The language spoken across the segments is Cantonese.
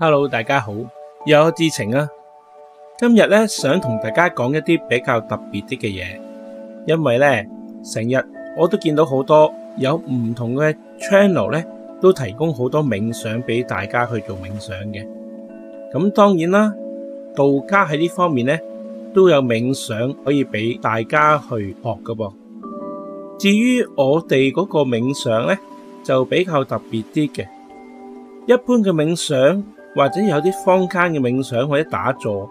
Hello，大家好，有智澄啊！今日咧想同大家講一啲比較特別啲嘅嘢，因為咧成日我都見到好多有唔同嘅 channel 咧，都提供好多冥想俾大家去做冥想嘅。咁、嗯、當然啦，道家喺呢方面咧都有冥想可以俾大家去學噶噃。至於我哋嗰個冥想咧，就比較特別啲嘅，一般嘅冥想。或者有啲坊間嘅冥想或者打坐，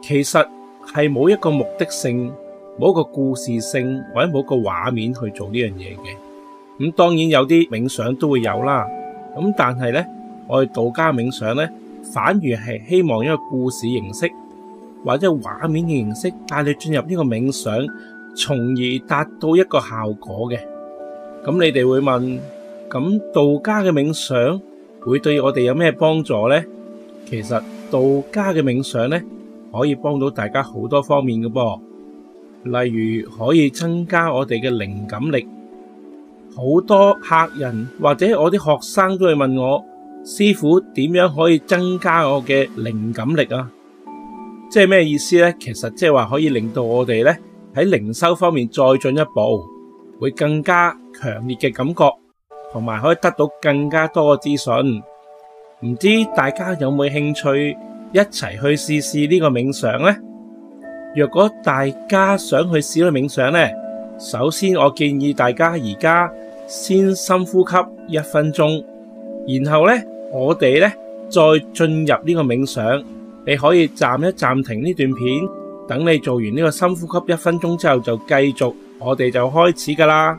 其實係冇一個目的性，冇一個故事性或者冇一個畫面去做呢樣嘢嘅。咁當然有啲冥想都會有啦。咁但係咧，我哋道家冥想咧，反而係希望一個故事形式或者畫面嘅形式帶你進入呢個冥想，從而達到一個效果嘅。咁你哋會問，咁道家嘅冥想，會對我哋有咩幫助呢？其實道家嘅冥想呢，可以幫到大家好多方面嘅噃，例如可以增加我哋嘅靈感力。好多客人或者我啲學生都會問我，師傅點樣可以增加我嘅靈感力啊？即係咩意思呢？其實即係話可以令到我哋呢，喺靈修方面再進一步，會更加強烈嘅感覺。同埋可以得到更加多嘅資訊，唔知大家有冇興趣一齊去試試呢個冥想呢？若果大家想去試呢個冥想呢，首先我建議大家而家先深呼吸一分鐘，然後呢，我哋呢再進入呢個冥想。你可以暫一暫停呢段片，等你做完呢個深呼吸一分鐘之後就繼，就繼續我哋就開始噶啦。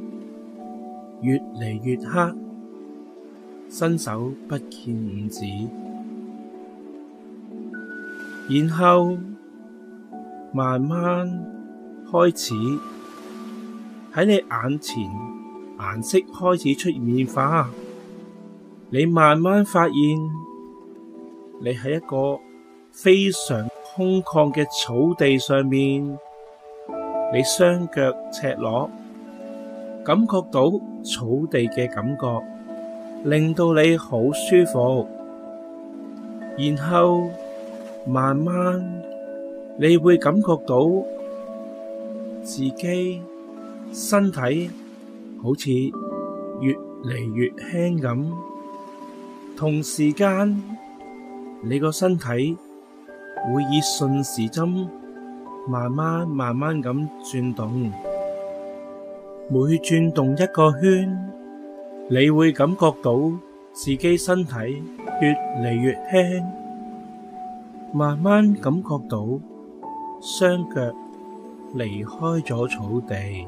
越嚟越黑，伸手不見五指，然後慢慢開始喺你眼前顏色開始出現變化，你慢慢發現你喺一個非常空曠嘅草地上面，你雙腳赤裸。感覺到草地嘅感覺，令到你好舒服。然後慢慢你會感覺到自己身體好似越嚟越輕咁，同時間你個身體會以順時針慢慢慢慢咁轉動。每轉動一個圈，你會感覺到自己身體越嚟越輕，慢慢感覺到雙腳離開咗草地，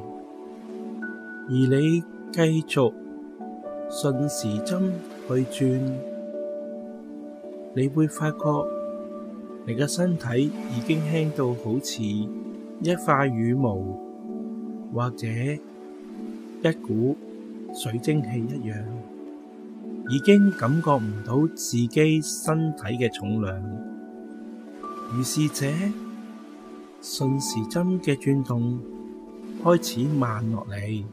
而你繼續順時針去轉，你會發覺你嘅身體已經輕到好似一塊羽毛，或者，一股水蒸氣一樣，已經感覺唔到自己身體嘅重量。於是者，順時針嘅轉動開始慢落嚟，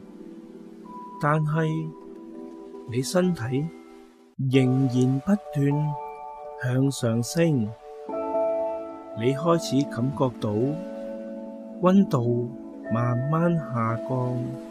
但係你身體仍然不斷向上升。你開始感覺到温度慢慢下降。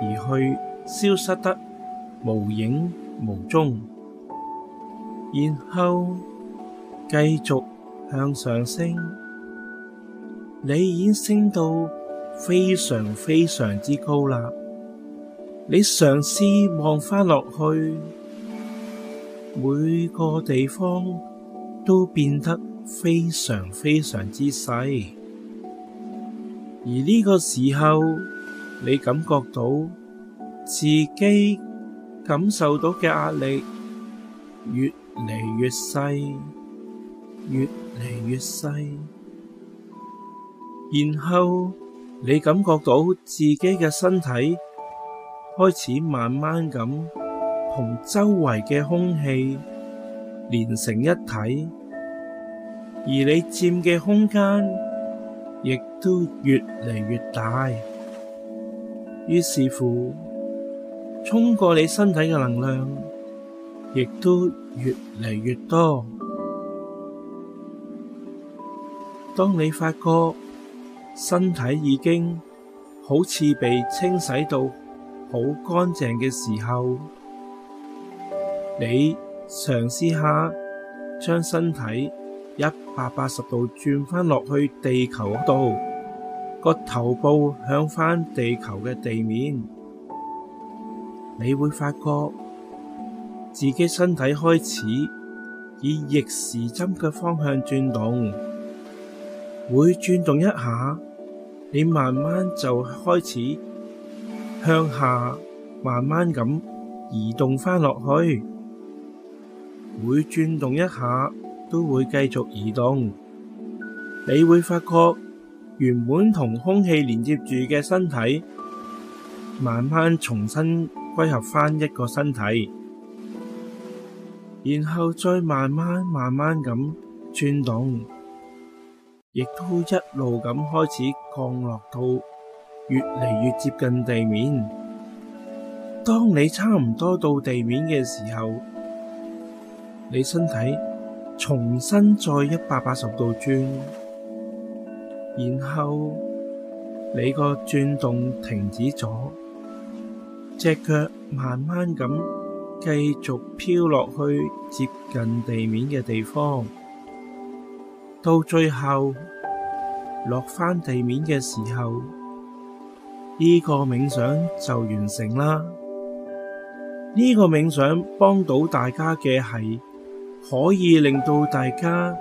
而去消失得無影無蹤，然後繼續向上升。你已經升到非常非常之高啦。你嘗試望返落去，每個地方都變得非常非常之細。而呢個時候，你感覺到自己感受到嘅壓力越嚟越細，越嚟越細。然後你感覺到自己嘅身體開始慢慢咁同周圍嘅空氣連成一體，而你佔嘅空間亦都越嚟越大。於是乎，衝過你身體嘅能量，亦都越嚟越多。當你發覺身體已經好似被清洗到好乾淨嘅時候，你嘗試下將身體一百八十度轉返落去地球嗰度。個頭部向返地球嘅地面，你會發覺自己身體開始以逆時針嘅方向轉動，每轉動一下，你慢慢就開始向下慢慢咁移動返落去，每轉動一下都會繼續移動，你會發覺。原本同空氣連接住嘅身體，慢慢重新歸合翻一個身體，然後再慢慢慢慢咁轉動，亦都一路咁開始降落到越嚟越接近地面。當你差唔多到地面嘅時候，你身體重新再一百八十度轉。然後你個轉動停止咗，隻腳慢慢咁繼續飄落去接近地面嘅地方，到最後落翻地面嘅時候，呢個冥想就完成啦。呢個冥想幫到大家嘅係可以令到大家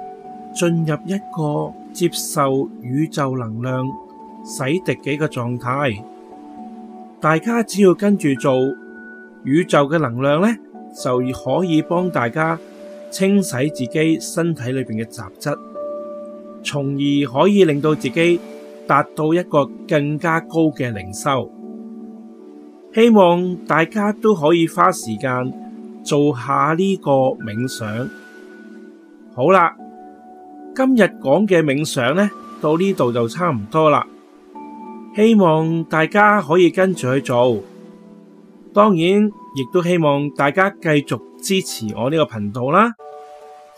進入一個，接受宇宙能量洗滌嘅狀態，大家只要跟住做，宇宙嘅能量呢就可以幫大家清洗自己身體裏邊嘅雜質，從而可以令到自己達到一個更加高嘅靈修。希望大家都可以花時間做下呢個冥想。好啦。今日講嘅冥想呢，到呢度就差唔多啦。希望大家可以跟住去做，當然亦都希望大家繼續支持我呢個頻道啦。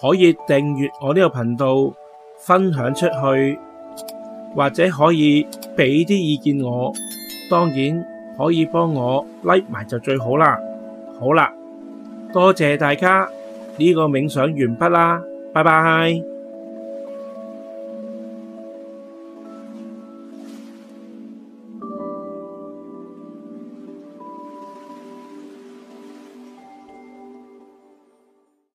可以訂閱我呢個頻道，分享出去，或者可以俾啲意見我。當然可以幫我 like 埋就最好啦。好啦，多謝大家，呢個冥想完畢啦，拜拜。